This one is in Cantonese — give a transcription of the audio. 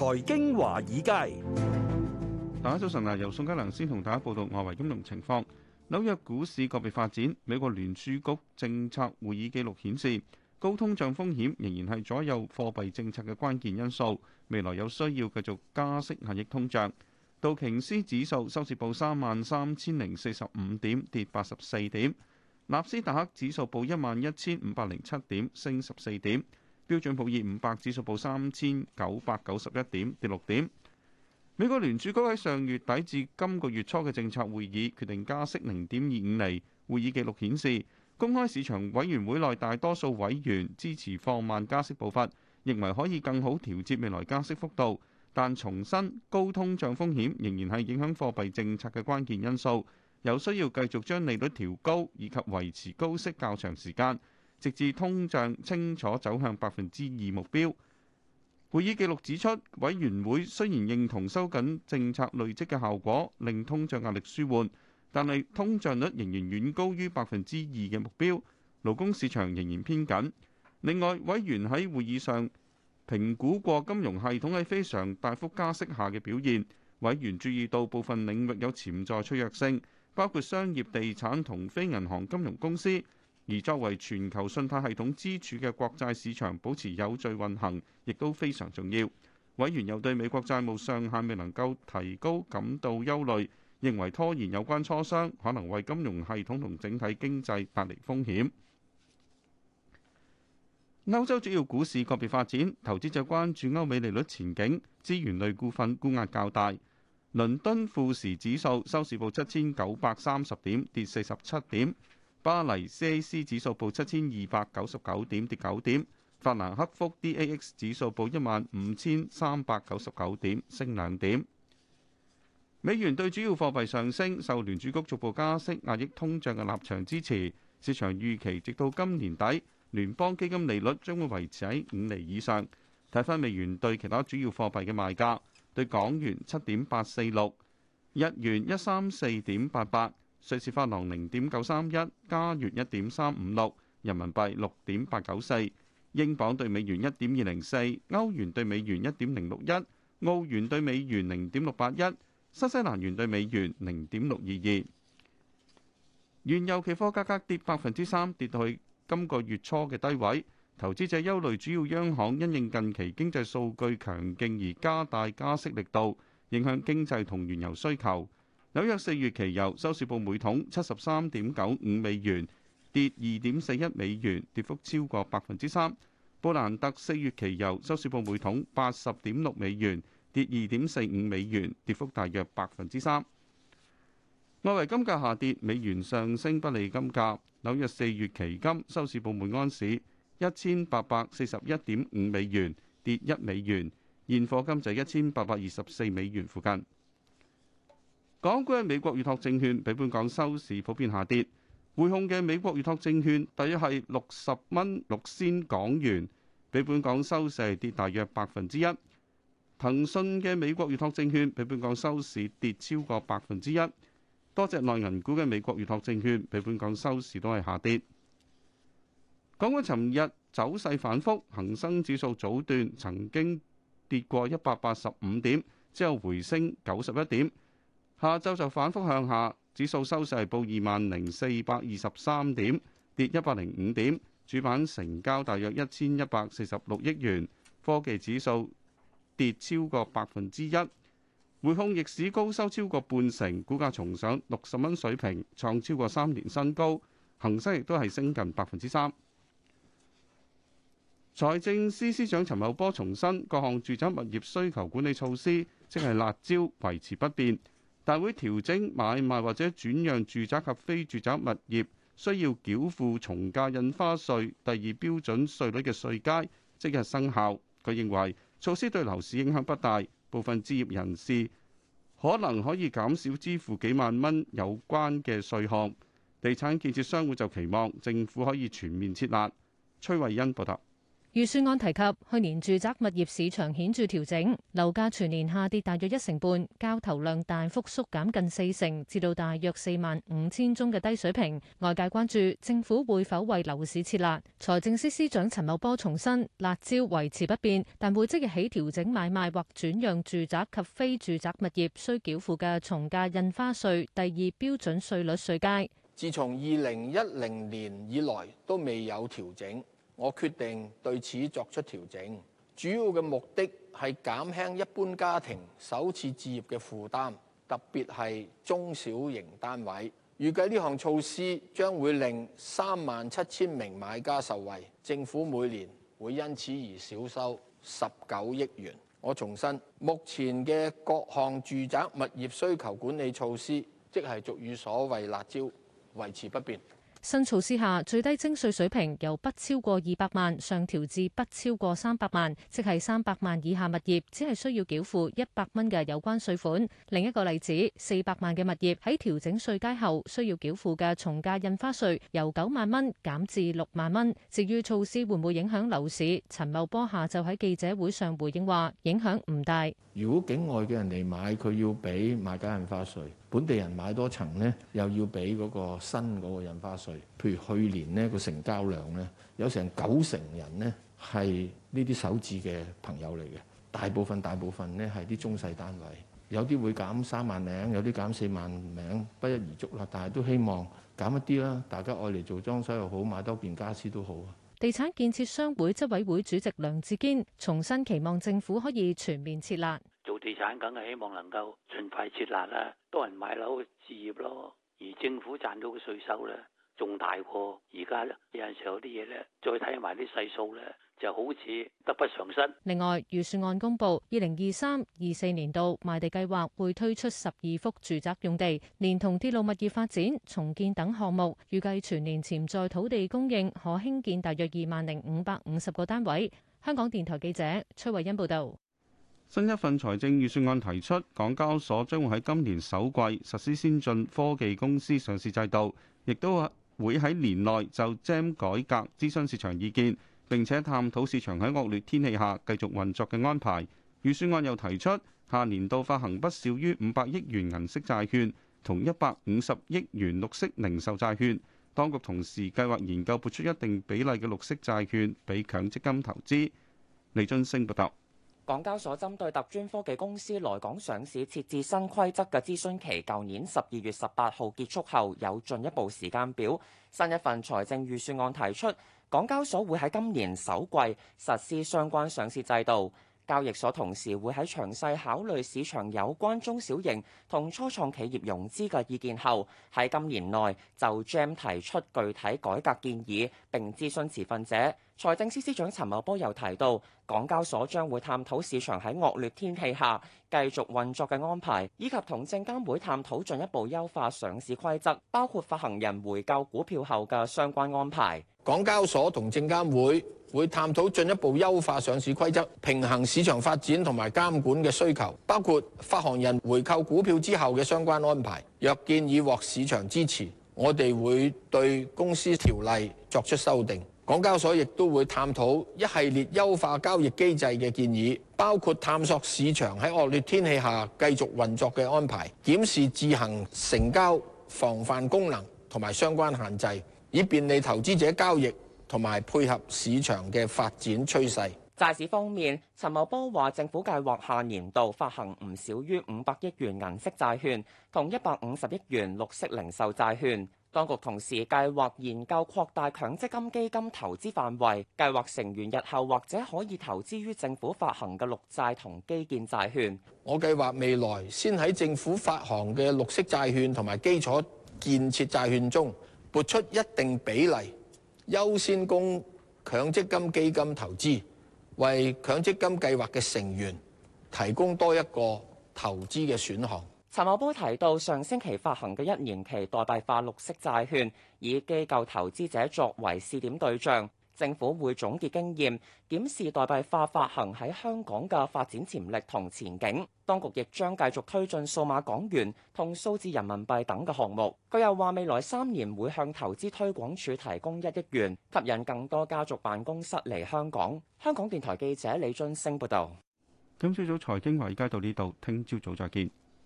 財經華爾街，大家早晨啊！由宋嘉良先同大家報道外圍金融情況。紐約股市個別發展，美國聯儲局政策會議記錄顯示，高通脹風險仍然係左右貨幣政策嘅關鍵因素，未來有需要繼續加息壓抑通脹。道瓊斯指數收市報三萬三千零四十五點，跌八十四點；納斯達克指數報一萬一千五百零七點，升十四點。標準普爾五百指數報三千九百九十一點，跌六點。美國聯儲局喺上月底至今個月初嘅政策會議決定加息零點二五釐。會議記錄顯示，公開市場委員會內大多數委員支持放慢加息步伐，認為可以更好調節未來加息幅度。但重申高通脹風險仍然係影響貨幣政策嘅關鍵因素，有需要繼續將利率調高以及維持高息較長時間。直至通脹清楚走向百分之二目標。會議記錄指出，委員會雖然認同收緊政策累積嘅效果令通脹壓力舒緩，但係通脹率仍然遠高於百分之二嘅目標。勞工市場仍然偏緊。另外，委員喺會議上評估過金融系統喺非常大幅加息下嘅表現。委員注意到部分領域有潛在脆弱性，包括商業地產同非銀行金融公司。而作為全球信貸系統支柱嘅國債市場保持有序運行，亦都非常重要。委員又對美國債務上限未能夠提高感到憂慮，認為拖延有關磋商可能為金融系統同整體經濟帶嚟風險。歐洲主要股市個別發展，投資者關注歐美利率前景，資源類股份估壓較大。倫敦富時指數收市報七千九百三十點，跌四十七點。巴黎 CAC 指數報七千二百九十九點，跌九點，法蘭克福 DAX 指數報一萬五千三百九十九點，升兩點。美元對主要貨幣上升，受聯儲局逐步加息壓抑通脹嘅立場支持。市場預期直到今年底，聯邦基金利率將會維持喺五厘以上。睇翻美元對其他主要貨幣嘅賣價，對港元七點八四六，日元一三四點八八。瑞士法郎零點九三一，加元一點三五六，人民幣六點八九四，英鎊對美元一點二零四，歐元對美元一點零六一，澳元對美元零點六八一，新西蘭元對美元零點六二二。原油期貨價格跌百分之三，跌去今個月初嘅低位。投資者憂慮主要央行因應近期經濟數據強勁而加大加息力度，影響經濟同原油需求。紐約四月期油收市報每桶七十三點九五美元，跌二點四一美元，跌幅超過百分之三。布蘭特四月期油收市報每桶八十點六美元，跌二點四五美元，跌幅大約百分之三。外圍金價下跌，美元上升不利金價。紐約四月期金收市報每安士一千八百四十一點五美元，跌一美元，現貨金就一千八百二十四美元附近。港股嘅美國預託證券比本港收市普遍下跌，匯控嘅美國預託證券大約係六十蚊六仙港元，比本港收市跌大約百分之一。騰訊嘅美國預託證券比本港收市跌超過百分之一，多隻內銀股嘅美國預託證券比本港收市都係下跌。港股尋日走勢反覆，恒生指數早段曾經跌過一百八十五點，之後回升九十一點。下晝就反覆向下，指數收市報二萬零四百二十三點，跌一百零五點，主板成交大約一千一百四十六億元。科技指數跌超過百分之一，匯控逆市高收超過半成，股價重上六十蚊水平，創超過三年新高。恒生亦都係升近百分之三。財政司司長陳茂波重申，各項住宅物業需求管理措施即係辣招，維持不變。大會調整買賣或者轉讓住宅及非住宅物業，需要繳付從價印花稅第二標準稅率嘅稅階，即日生效。佢認為措施對樓市影響不大，部分置業人士可能可以減少支付幾萬蚊有關嘅稅項。地產建設商會就期望政府可以全面設立。崔慧欣報道。預算案提及，去年住宅物業市場顯著調整，樓價全年下跌大約一成半，交投量大幅縮減近四成，至到大約四萬五千宗嘅低水平。外界關注政府會否為樓市設立。財政司司長陳茂波重申，辣招維持不變，但會即日起調整買賣或轉讓住宅及非住宅物業，需繳付嘅從價印花稅第二標準稅率稅階。自從二零一零年以來都未有調整。我決定對此作出調整，主要嘅目的係減輕一般家庭首次置業嘅負擔，特別係中小型單位。預計呢項措施將會令三萬七千名買家受惠，政府每年會因此而少收十九億元。我重申，目前嘅各項住宅物業需求管理措施，即係俗語所謂辣招，維持不變。新措施下，最低徵稅水平由不超過二百萬上調至不超過三百萬，即係三百萬以下物業只係需要繳付一百蚊嘅有關稅款。另一個例子，四百萬嘅物業喺調整稅階後需要繳付嘅從價印花稅由九萬蚊減至六萬蚊。至於措施會唔會影響樓市，陳茂波下晝喺記者會上回應話影響唔大。如果境外嘅人嚟買，佢要俾買家印花稅。本地人買多層呢，又要俾嗰個新嗰個印花稅。譬如去年呢個成交量呢，有成九成人呢係呢啲首置嘅朋友嚟嘅，大部分大部分呢係啲中細單位，有啲會減三萬名，有啲減四萬名，不一而足啦。但係都希望減一啲啦，大家愛嚟做裝修又好，買多件傢俬都好。地產建設商會執委會主席梁志堅重申，期望政府可以全面設立。地產梗係希望能夠盡快設立啦，多人買樓置業咯。而政府賺到嘅稅收咧，仲大過而家有陣時候啲嘢咧，再睇埋啲細數咧，就好似得不償失。另外，預算案公布，二零二三二四年度賣地計劃會推出十二幅住宅用地，連同鐵路物業發展、重建等項目，預計全年潛在土地供應可興建大約二萬零五百五十個單位。香港電台記者崔慧欣報道。新一份財政預算案提出，港交所將會喺今年首季實施先進科技公司上市制度，亦都會喺年內就 GEM 改革諮詢市場意見，並且探討市場喺惡劣天氣下繼續運作嘅安排。預算案又提出下年度發行不少於五百億元銀色債券同一百五十億元綠色零售債券，當局同時計劃研究撥出一定比例嘅綠色債券俾強積金投資。李津升報道。港交所針對特專科技公司來港上市設置新規則嘅諮詢期，舊年十二月十八號結束後有進一步時間表。新一份財政預算案提出，港交所會喺今年首季實施相關上市制度。交易所同時會喺詳細考慮市場有關中小型同初創企業融資嘅意見後，喺今年內就 jam 提出具體改革建議，並諮詢持份者。財政司司長陳茂波又提到，港交所將會探討市場喺惡劣天氣下繼續運作嘅安排，以及同證監會探討進一步優化上市規則，包括發行人回購股票後嘅相關安排。港交所同證監會。會探討進一步優化上市規則，平衡市場發展同埋監管嘅需求，包括發行人回購股票之後嘅相關安排。若建議獲市場支持，我哋會對公司條例作出修訂。港交所亦都會探討一系列優化交易機制嘅建議，包括探索市場喺惡劣天氣下繼續運作嘅安排，檢視自行成交防範功能同埋相關限制，以便利投資者交易。同埋配合市場嘅發展趨勢。債市方面，陳茂波話：政府計劃下年度發行唔少於五百億元銀色債券，同一百五十億元綠色零售債券。當局同時計劃研究擴大強積金基金投資範圍，計劃成員日後或者可以投資於政府發行嘅綠債同基建債券。我計劃未來先喺政府發行嘅綠色債券同埋基礎建設債券中撥出一定比例。優先供強積金基金投資，為強積金計劃嘅成員提供多一個投資嘅選項。陳茂波提到，上星期發行嘅一年期代幣化綠色債券，以機構投資者作為試點對象。政府會總結經驗，檢視代幣化發行喺香港嘅發展潛力同前景。當局亦將繼續推進數碼港元同數字人民幣等嘅項目。佢又話：未來三年會向投資推廣署提供一億元，吸引更多家族辦公室嚟香港。香港電台記者李津升報導。今朝早財經華爾街，而家到呢度，聽朝早再見。